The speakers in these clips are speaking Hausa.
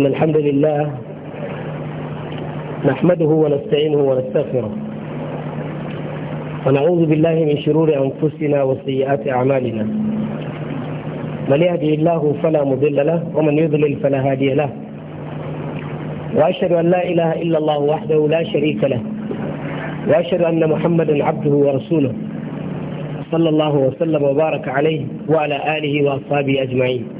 إن الحمد لله نحمده ونستعينه ونستغفره ونعوذ بالله من شرور أنفسنا وسيئات أعمالنا من يهدي الله فلا مضل له ومن يضلل فلا هادي له وأشهد أن لا إله إلا الله وحده لا شريك له وأشهد أن محمدا عبده ورسوله صلى الله وسلم وبارك عليه وعلى آله وأصحابه أجمعين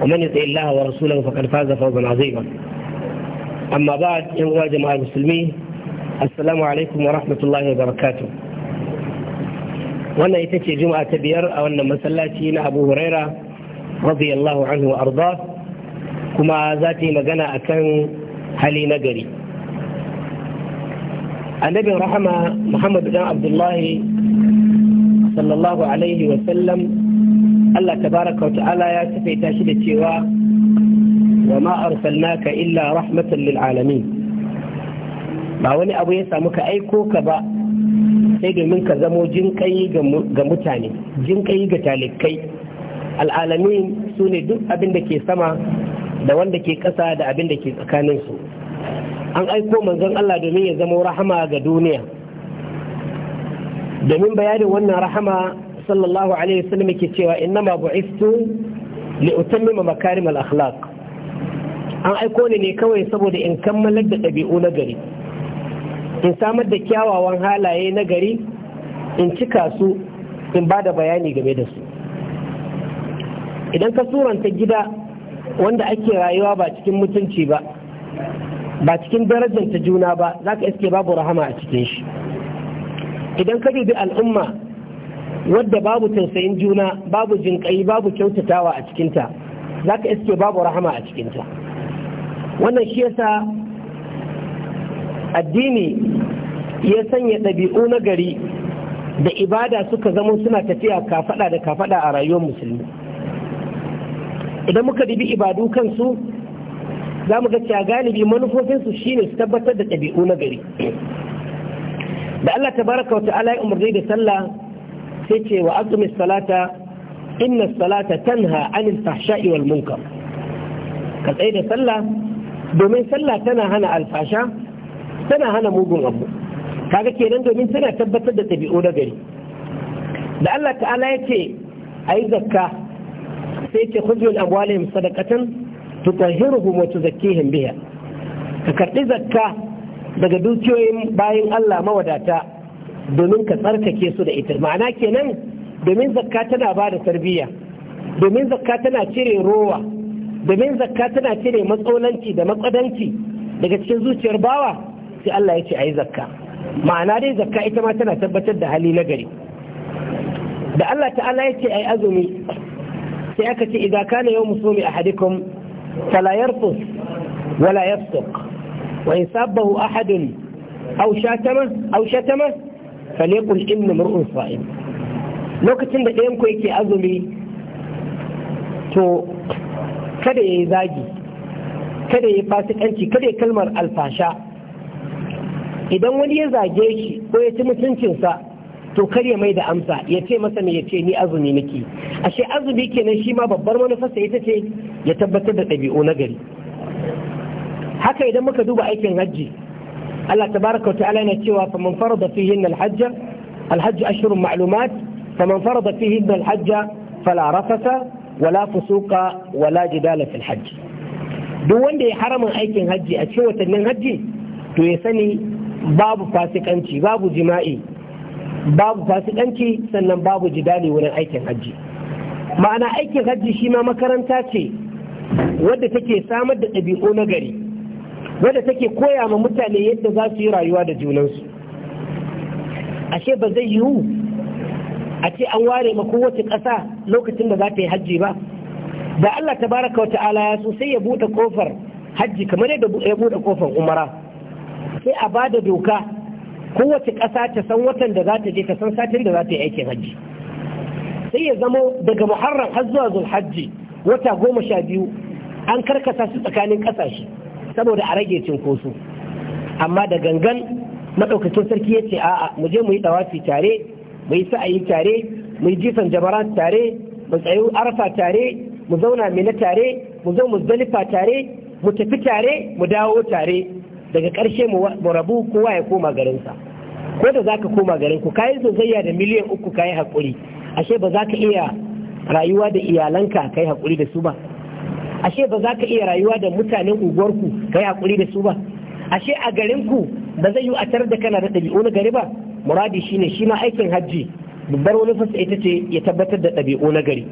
ومن يطع الله ورسوله فقد فاز فوزا عظيما أما بعد يا جماعة المسلمين السلام عليكم ورحمة الله وبركاته وانا يتشي جمعة بير أو أن مسلاتي أبو هريرة رضي الله عنه وأرضاه كما ذاتي مغنى أكن هلي نقري النبي رحمه محمد بن عبد الله صلى الله عليه وسلم Allah tabaraka wa ta'ala ya sifaita shi da cewa wa ma arsalnaka illa rahmatan lil alamin ba wani abu ya samu ka aiko ka ba sai domin ka zamo kai ga mutane kai ga talikai al'alamin su ne duk abin da ke sama da wanda ke ƙasa da abin da ke tsakaninsu an aiko manzon Allah domin ya zamo rahama ga duniya domin bayanin wannan rahama sallallahu alaihi wasallam yake cewa ma bu'istu li utammima makarim al akhlaq an aiko ni ne kawai saboda in kammalar da ɗabi'u na gari in samar da kyawawan halaye na gari in cika su in ba da bayani game da su idan ka suranta gida wanda ake rayuwa ba cikin mutunci ba ba cikin ta juna ba za ka iske babu rahama a cikin shi idan ka dubi al'umma wadda babu tausayin juna babu jinƙai babu kyautatawa a cikinta za ka iske babu rahama a cikinta wannan shi yasa addini ya sanya ɗabi'u na gari da ibada suka zama suna tafiya kafaɗa da kafaɗa a rayuwar musulmi idan muka dibi ibadu kansu za mu ga cewa galibi manufofinsu shine su tabbatar da ɗabi'u na gari da Allah Ta baraka wa ta'ala ya umarni da sallah sai ce wa azumi salata inna salata tanha anil fahsha'i wal munkar ka tsaye da sallah domin sallah tana hana alfasha tana hana mugun abu kaga kenan domin tana tabbatar da tabi'u da gari da Allah ta'ala ya ce ayi zakka sai ce khudhul amwalihim sadaqatan tutahhiruhum wa tuzakkihim biha ka karɓi zakka daga dukiyoyin bayan Allah mawadata domin ka tsarkake su da ita ma'ana kenan domin zakka tana ba da tarbiyya domin zakka tana cire rowa domin zakka tana cire matsolanci da matsadanci daga cikin zuciyar bawa sai Allah ya ce ayi zakka ma'ana dai zakka ita ma tana tabbatar da hali na gari da Allah ta'ala ya ce ayi azumi sai aka ce idan kana yau musumi ahadikum fala yarfus wala yafsuq wa in sabbahu ahadun aw shatama aw shatama falekul inna mar'un sa'im lokacin da ɗayan ku yake azumi to kada ya yi zagi kada ya fasikanci kada ya kalmar alfasha idan wani ya zage shi ko ya ci mutuncinsa to kar ya mai da amsa ya ce masa ne ya ce ni azumi nake ashe azumi kenan shi ma babbar manufarsa ita ce ya tabbatar da ɗabi'u na gari haka idan muka duba aikin hajji Allah tabaraka ta'ala yana cewa faman farada fihin alhajja alhajj ashhurun ma'lumat faman farada fihin alhajja fala rafasa wala fusuqa wala jidala fil hajj duk wanda ya haramin aikin hajji a cikin watannin hajji to ya sani babu fasikanci babu jima'i babu fasikanci sannan babu jidali wurin aikin hajji ma'ana aikin hajji shi ma makaranta ce wadda take samar da ɗabi'u na gari wadda take koya ma mutane yadda za su yi rayuwa da junansu ashe ba zai yiwu a ce an ware ma kowace ƙasa lokacin da za ta yi hajji ba da Allah ta wata ala ya so ya buɗe kofar hajji kamar yadda ya buɗe kofar umara sai a ba da doka kowace ƙasa ta san watan da za ta je ta san satin da za ta yi aikin hajji sai ya zamo daga muharram har zuwa hajji wata goma sha biyu an karkasa su tsakanin ƙasashe saboda a rage cinkoso amma da gangan maɗaukacin sarki ya ce a'a mu je mu yi dawafi tare mu yi sa'ayi tare mu yi jifan jabaran tare mu tsayi arfa tare mu zauna mina tare mu zo mu zalifa tare mu tafi tare mu dawo tare daga ƙarshe mu rabu kowa ya koma garinsa ko da za koma garin ku kayi zozayya da miliyan uku kayi hakuri ashe ba za ka iya rayuwa da iyalanka kai haƙuri da su ba ashe ba za ka iya rayuwa da mutanen unguwarku ka yi hakuri da su ba ashe a garin ku ba zai yi a da kana da ɗabi'u na gari ba muradi shine shi ma aikin hajji babbar wani fasa ita ce ya tabbatar da ɗabi'u na gari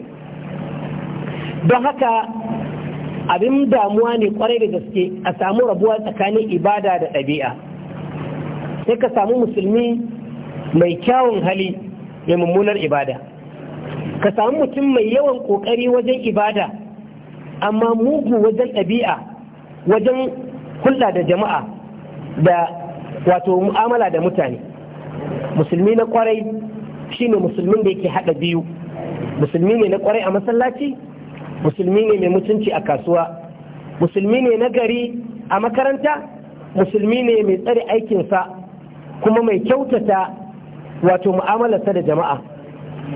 don haka abin damuwa ne kwarai da gaske a samu rabuwa tsakanin ibada da ɗabi'a sai ka samu musulmi mai kyawun hali mai mummunar ibada ka samu mutum mai yawan ƙoƙari wajen ibada amma mugu wajen ɗabi'a wajen hulɗa da jama'a da wato mu'amala da mutane musulmi na kwarai shine musulmin da yake haɗa biyu musulmi ne na kwarai a masallaci musulmi ne mai mutunci a kasuwa musulmi ne na gari a makaranta musulmi ne mai tsare aikinsa kuma mai kyautata wato mu'amalarsa da jama'a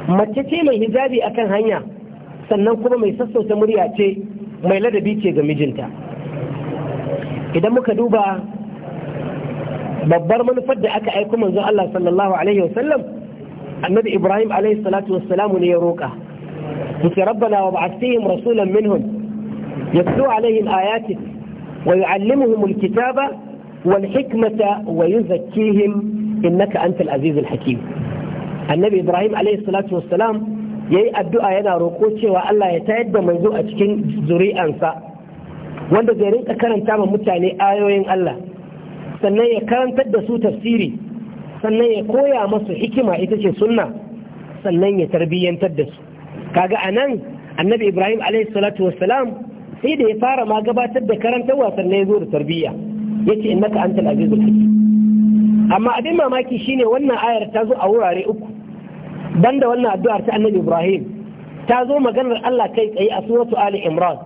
mace ce mai hijabi akan hanya sannan kuma mai sassauta murya ce mai ladabi ce ga mijinta idan muka duba babbar manufar da aka aiko manzon Allah sallallahu alaihi wasallam annabi Ibrahim alaihi salatu wassalamu ne ya roka yace rabbana wa ba'athihim rasulan minhum yatlu alaihim ayati wa yu'allimuhum alkitaba wal hikmata wa yuzakkihim innaka antal azizul hakim annabi Ibrahim alaihi salatu wassalam ya yi addu'a yana roƙo cewa Allah ya tayar da manzo a cikin zuri'ansa wanda zai rinka karanta ma mutane ayoyin Allah sannan ya karantar da su tafsiri sannan ya koya masu hikima ita ce sunna sannan ya tarbiyyantar da su kaga anan annabi Ibrahim alaihi sai da ya fara ma gabatar da karantarwa sannan ya zo da tarbiyya yace innaka antal azizul hakim amma abin mamaki shine wannan ayar ta zo a wurare uku banda wannan addu'ar ta annabi Ibrahim ta zo maganar Allah kai tsaye a suratu Ali Imran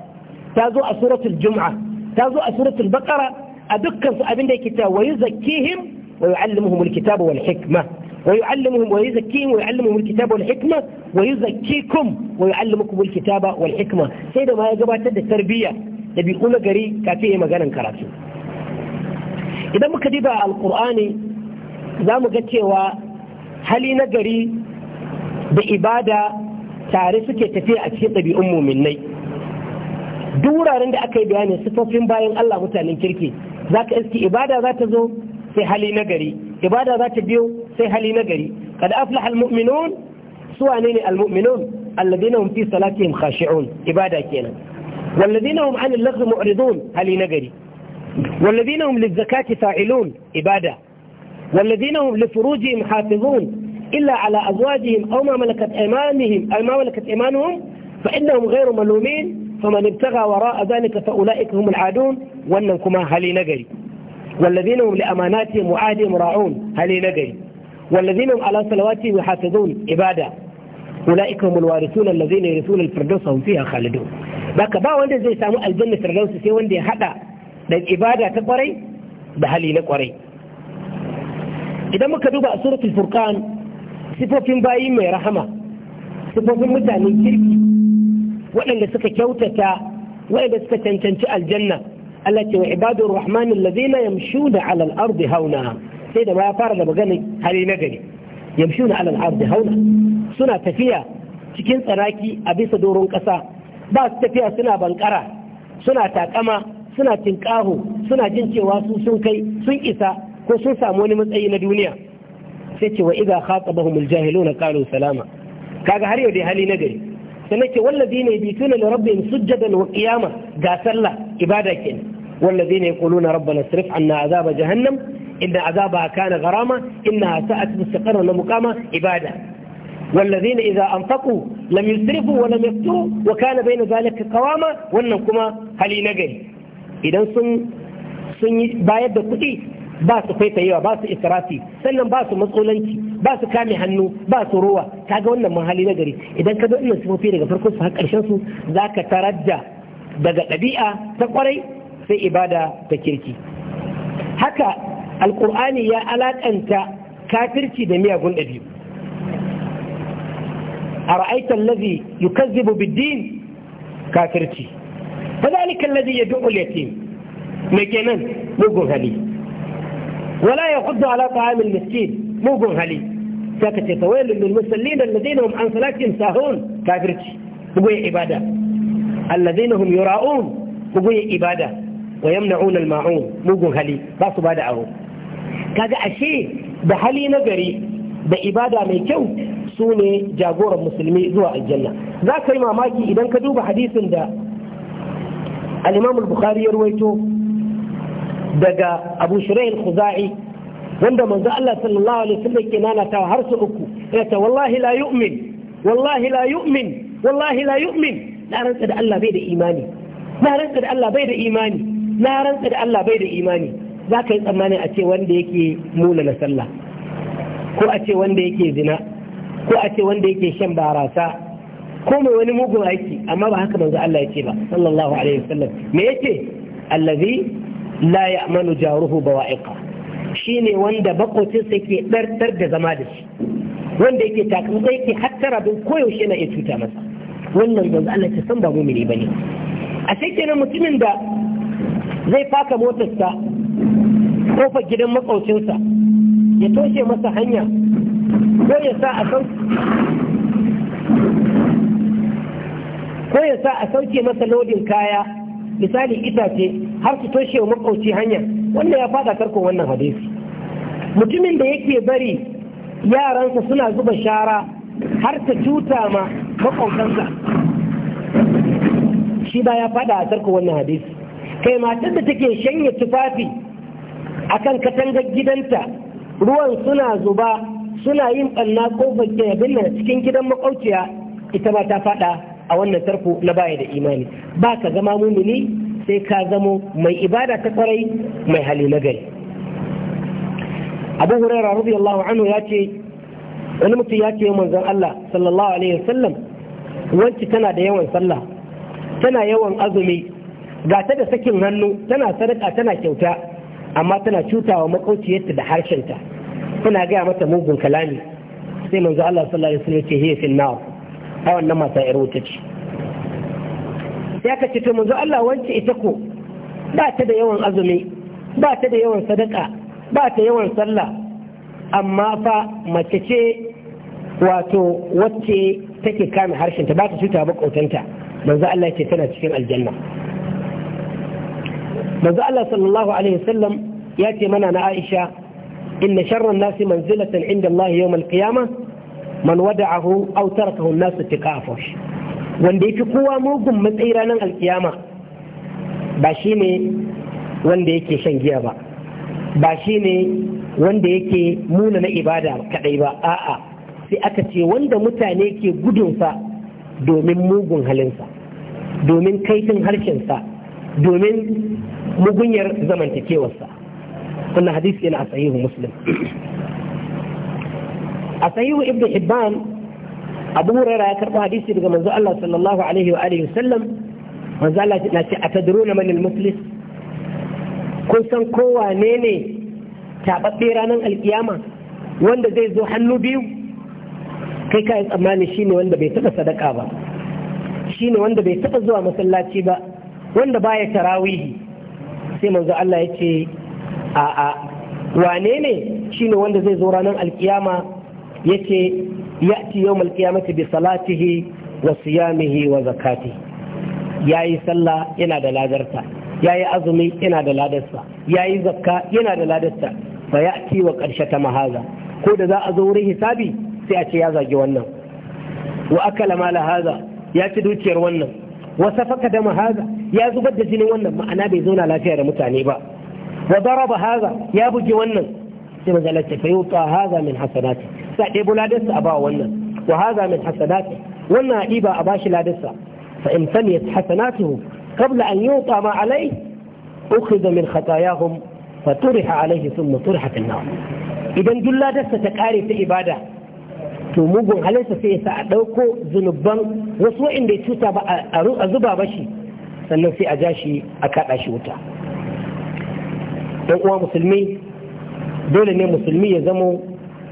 ta zo a suratul Jum'a ta zo a suratul Baqara a dukkan su abin da yake ta wa yuzakkihim wa yu'allimuhumul kitaba wal hikma wa yu'allimuhum wa yuzakkihim wa yu'allimuhumul kitaba wal hikma wa yuzakkikum wa yu'allimukumul kitaba wal hikma sai da ma ya gabatar da tarbiyya da bi kuma gari kafin ya maganar karatu idan muka diba alqur'ani za mu ga cewa hali na gari da ibada tare suke tafiya a cikin ɗabi'un muminai duk wuraren da aka yi bayanin sifofin bayan Allah mutanen kirki za ka iski ibada za ta zo sai hali na gari ibada za ta biyo sai hali na gari kad aflaha almu'minun suwa ne ne almu'minun alladhina hum fi salatihim khashi'un ibada kenan walladhina hum 'anil lagwi mu'ridun hali na gari والذين هم للزكاة فاعلون إبادة والذين هم لفروجهم حافظون إلا على أزواجهم أو ما ملكت أيمانهم أو ما ملكت أيمانهم فإنهم غير ملومين فمن ابتغى وراء ذلك فأولئك هم العادون وأنكما هلي نجري والذين هم لأماناتهم وعهدهم راعون هلي نجري والذين هم على صلواتهم يحافظون عبادة أولئك هم الوارثون الذين يرثون الفردوس هم فيها خالدون ذاك با وند زي سامو الجنة فردوس سي وند هدا da ibada ta kwarai da hali na kwarai idan muka duba a suratul furqan sifofin bayi mai rahama sifofin mutanen kirki waɗanda suka kyautata waɗanda suka cancanci aljanna Allah ce wa ibadur rahman allazina yamshuna ala al-ardi hauna sai da ya fara da magana hali na gari yamshuna ala al-ardi hauna suna tafiya cikin tsanaki a bisa doron ƙasa ba su tafiya suna bankara suna takama suna tinkaho suna jin cewa su sun kai sun isa ko sun samu wani matsayi na duniya sai ce wa iza khatabahum aljahiluna qalu salama kaga har yau dai hali nagari sai nake wallazina yabituna li rabbihim sujjadan wa qiyama ga sallah ibada kenan wallazina yaquluna rabbana sirif anna azaba jahannam inna azabaha kana gharama innaha sa'at mustaqarra wa muqama ibada والذين إذا أنفقوا لم يسرفوا ولم يقتروا وكان بين ذلك قواما wannan kuma hali nagari idan sun sun bayar da kuɗi ba su faitayewa ba su israfi sannan ba su matsolanci ba su kame hannu ba su ruwa kaga wannan mun na gari idan ka ga wannan sifofi daga farkon su har karshen su zaka taradda daga ɗabi'a ta kwarai sai ibada ta kirki haka alkur'ani ya alakanta kafirci da miyagun ɗabi'u a ra'aitan lazi yukazzibu biddin kafirci فذلك الذي يدعو mai مكانا بوغو hali. wala ya kuddu ala ta'amil miskin mugun hali sai ka ce tawailul lil musallin alladhina hum an salatihim sahun kafirci bugu ya ibada alladhina hum yura'un bugu ya ibada wa yamna'una al-ma'un mugun hali ba su bada aro kaga ashe da hali na gari da ibada mai kyau sune jagoran musulmi zuwa aljanna za ka yi mamaki idan ka duba hadisin da al-imam al ya daga abu shirai al-khuzai wanda manzo Allah sallallahu alaihi wasallam ke nanatawa har su uku yace wallahi la yu'min wallahi la yu'min wallahi la yu'min na rantsa da Allah bai da imani na rantsa da Allah bai da imani na rantsa da Allah bai da imani za ka yi tsammanin a ce wanda yake mula na sallah ko a ce wanda yake zina ko a ce wanda yake shan barasa ko mai wani mugun aiki amma ba haka manzo Allah ya ce ba sallallahu alaihi wasallam me yace allazi la manu jaruhu ba Shi shine wanda makocinsa ke ɗartar da zama da shi wanda yake sai yake hattara don koyaushe na iya cuta masa wannan yanzu Allah ta san ba mumini bane a sai kenan mutumin da zai faka motarsa kofar gidan sa, ya toshe masa hanya ko ya sa a san ko ya sa a sauke masa lodin kaya misali itace har su toshe wa makwauci hanya wannan ya fada tarkon wannan hadisi mutumin da yake bari yaransa suna zuba shara har ta cuta ma makwautansa shi ba ya fada a tarkon wannan hadisi kai matar da take shanye tufafi akan katangar gidanta ruwan suna zuba suna yin ɓanna ko bakin abin da cikin gidan makwauciya ita ba ta fada a wannan tarko na baya da imani ba ka zama mumini sai ka zamo mai ibada ta kwarai mai hali na gari abu hurairah radiyallahu anhu ya ce wani mutum ya ce manzon Allah sallallahu alaihi wasallam wanci tana da yawan sallah tana yawan azumi ga ta da sakin hannu tana sadaka tana kyauta amma tana cutawa makauciyarta da harshenta tana gaya mata mugun kalami sai manzo Allah sallallahu alaihi wasallam ya ce hiya fil a wannan mata yar wuta ce Ya aka ce to manzo Allah wance ita ko ba ta da yawan azumi ba ta da yawan sadaka ba ta yawan sallah amma fa mace ce wato wacce take kame harshenta ba ta cuta maƙotanta manzo Allah ce tana cikin aljanna manzo Allah sallallahu alaihi wasallam ya ce mana na Aisha inna sharran nasi manzilatan inda Allah yawm al-qiyamah man wada'ahu aw tarakahu an-nas tikafa wanda yafi kowa mugun matsayi ranar alkiyama ba shine wanda yake shan giya ba ba shine wanda yake muna na ibada kadai ba a'a sai aka ce wanda mutane ke gudunsa domin mugun halinsa domin kaifin harshensa domin mugunyar zamantakewarsa wannan hadisi yana a sahihu muslim a sahihu ibn hibban abu huraira ya karɓo hadisi daga manzo Allah sallallahu alaihi wa alihi wasallam manzo Allah ya ce atadruna man al-muflis kun san kowa ne ne tababbe ranar alkiyama wanda zai zo hannu biyu kai kai tsammani shine wanda bai taɓa sadaka ba shine wanda bai taɓa zuwa masallaci ba wanda baya tarawihi sai manzo Allah ya ce a a wane ne shine wanda zai zo ranar alkiyama yace ya'ti yawmal qiyamati bi salatihi wa siyamihi wa zakati yayi sallah yana da ladarta yayi azumi yana da ladarsa yayi zakka yana da ladarsa fa ya'ti wa qarshata mahaza ko da za a zo wurin hisabi sai a ce ya zagi wannan wa akala mala haza ya ci dukiyar wannan wa safaka da haza ya zubar da jinin wannan ma'ana bai zauna lafiya da mutane ba wa daraba haza ya buge wannan sai manzo Allah ce fa yuta haza min hasanati sai a ɗebo ladarsa a bawa wannan wa haza min hasanati wannan a a bashi ladarsa fa in saniyat hasanatuhu qabla an yi ma alai ukhidha min khatayahum fa turiha alaihi thumma turiha fi nar idan duk ladarsa ta kare ta ibada to mugun halinsa sai ya sa a ɗauko zunuban wasu waɗanda ya cuta ba a zuba bashi sannan sai a ja shi a kaɗa shi wuta Ɗan uwa musulmi dole ne musulmi ya zamo